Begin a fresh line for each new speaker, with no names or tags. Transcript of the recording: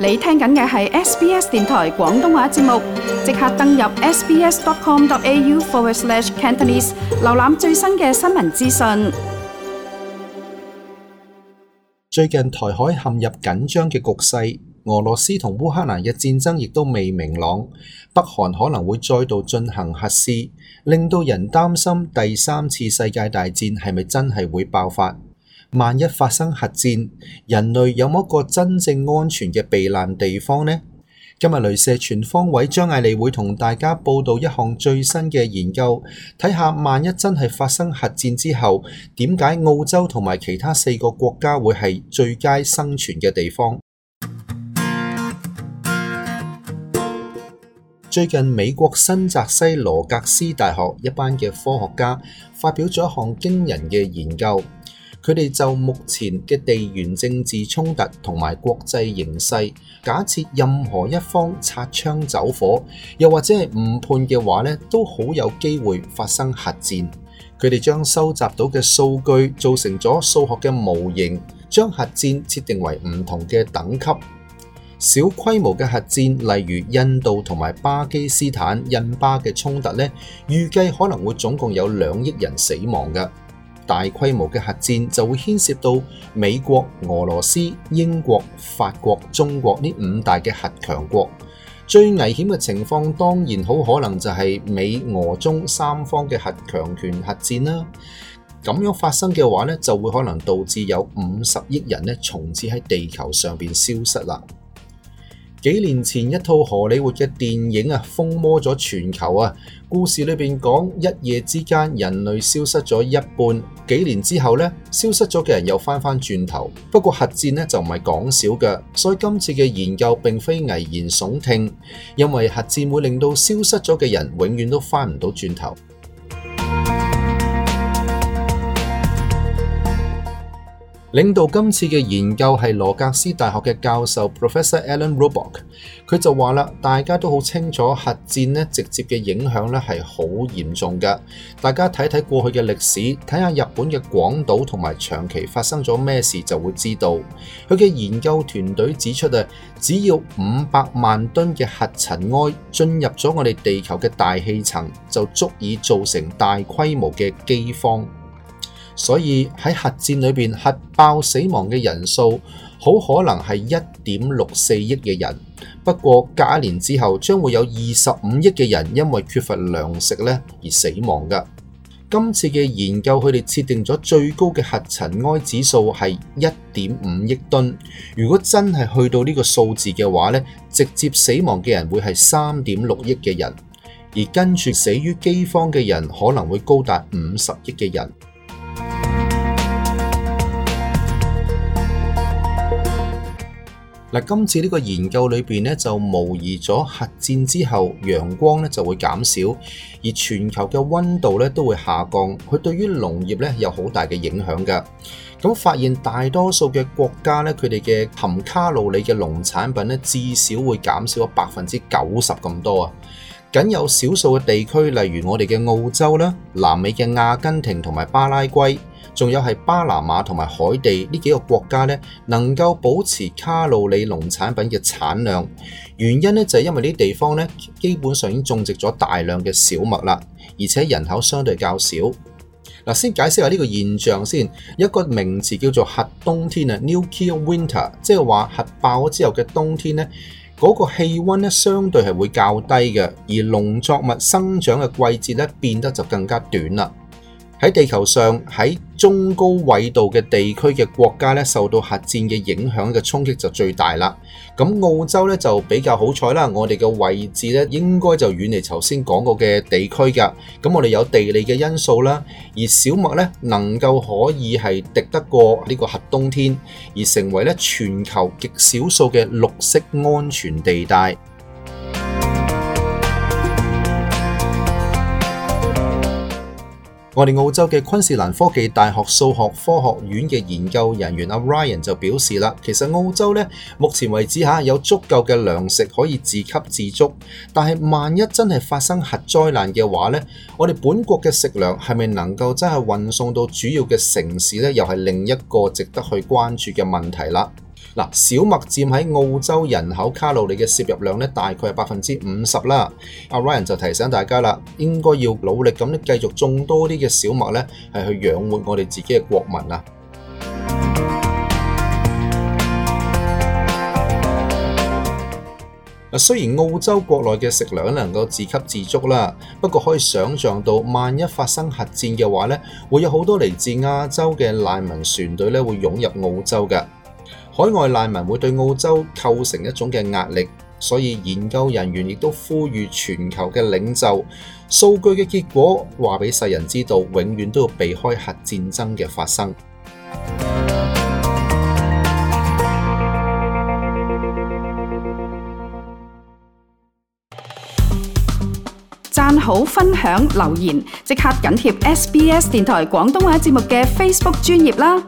你聽緊嘅係 SBS 電台廣東話節目，即刻登入 sbs.com.au/cantonese 瀏覽最新嘅新聞資訊。最近台海陷入緊張嘅局勢，俄羅斯同烏克蘭嘅戰爭亦都未明朗，北韓可能會再度進行核試，令到人擔心第三次世界大戰係咪真係會爆發？萬一發生核戰，人類有冇一個真正安全嘅避難地方呢？今日鐳射全方位張艾利會同大家報道一項最新嘅研究，睇下萬一真係發生核戰之後，點解澳洲同埋其他四個國家會係最佳生存嘅地方？最近美國新澤西羅格斯大學一班嘅科學家發表咗一項驚人嘅研究。佢哋就目前嘅地緣政治衝突同埋國際形勢，假設任何一方擦槍走火，又或者係誤判嘅話咧，都好有機會發生核戰。佢哋將收集到嘅數據做成咗數學嘅模型，將核戰設定為唔同嘅等級。小規模嘅核戰，例如印度同埋巴基斯坦、印巴嘅衝突咧，預計可能會總共有兩億人死亡噶。大規模嘅核戰就會牽涉到美國、俄羅斯、英國、法國、中國呢五大嘅核強國。最危險嘅情況當然好可能就係美俄中三方嘅核強權核戰啦。咁樣發生嘅話呢，就會可能導致有五十億人呢從此喺地球上邊消失啦。幾年前一套荷里活嘅電影啊，瘋魔咗全球啊。故事裏邊講一夜之間人類消失咗一半，幾年之後呢，消失咗嘅人又翻翻轉頭。不過核戰呢，就唔係講少嘅，所以今次嘅研究並非危言聳聽，因為核戰會令到消失咗嘅人永遠都翻唔到轉頭。領導今次嘅研究係羅格斯大學嘅教授 Professor Alan Robock，佢就話啦，大家都好清楚核戰咧直接嘅影響咧係好嚴重噶。大家睇睇過去嘅歷史，睇下日本嘅廣島同埋長崎發生咗咩事就會知道。佢嘅研究團隊指出啊，只要五百萬噸嘅核塵埃進入咗我哋地球嘅大氣層，就足以造成大規模嘅饑荒。所以喺核戰裏邊，核爆死亡嘅人數好可能係一點六四億嘅人。不過隔年之後，將會有二十五億嘅人因為缺乏糧食咧而死亡噶。今次嘅研究，佢哋設定咗最高嘅核塵埃指數係一點五億噸。如果真係去到呢個數字嘅話咧，直接死亡嘅人會係三點六億嘅人，而跟住死於饑荒嘅人可能會高達五十億嘅人。嗱，今次呢個研究裏邊咧，就模擬咗核戰之後，陽光咧就會減少，而全球嘅溫度咧都會下降。佢對於農業咧有好大嘅影響㗎。咁發現大多數嘅國家咧，佢哋嘅含卡路里嘅農產品咧，至少會減少咗百分之九十咁多啊。僅有少數嘅地區，例如我哋嘅澳洲啦、南美嘅阿根廷同埋巴拉圭。仲有係巴拿馬同埋海地呢幾個國家呢，能夠保持卡路里農產品嘅產量，原因呢，就係因為呢啲地方呢，基本上已經種植咗大量嘅小麥啦，而且人口相對較少。嗱，先解釋下呢個現象先，一個名詞叫做核冬天啊 （nuclear winter），即係話核爆咗之後嘅冬天呢，嗰個氣溫呢，相對係會較低嘅，而農作物生長嘅季節呢，變得就更加短啦。喺地球上喺中高緯度嘅地區嘅國家呢，受到核戰嘅影響嘅衝擊就最大啦。咁澳洲呢就比較好彩啦，我哋嘅位置呢應該就遠離頭先講過嘅地區噶。咁我哋有地理嘅因素啦，而小麥呢能夠可以係敵得過呢個核冬天，而成為呢全球極少數嘅綠色安全地帶。我哋澳洲嘅昆士蘭科技大學數學科學院嘅研究人員阿 Ryan 就表示啦，其實澳洲咧目前為止吓有足夠嘅糧食可以自給自足，但係萬一真係發生核災難嘅話咧，我哋本國嘅食糧係咪能夠真係運送到主要嘅城市咧，又係另一個值得去關注嘅問題啦。嗱，小麥佔喺澳洲人口卡路里嘅攝入量咧，大概係百分之五十啦。阿 Ryan 就提醒大家啦，應該要努力咁咧繼續種多啲嘅小麥咧，係去養活我哋自己嘅國民啊。啊，雖然澳洲國內嘅食糧能夠自給自足啦，不過可以想像到，萬一發生核戰嘅話咧，會有好多嚟自亞洲嘅難民船隊咧，會湧入澳洲嘅。海外難民會對澳洲構成一種嘅壓力，所以研究人員亦都呼籲全球嘅領袖，數據嘅結果話俾世人知道，永遠都要避開核戰爭嘅發生。讚好、分享、留言，即刻緊貼 SBS 電台廣東話節目嘅 Facebook 專頁啦！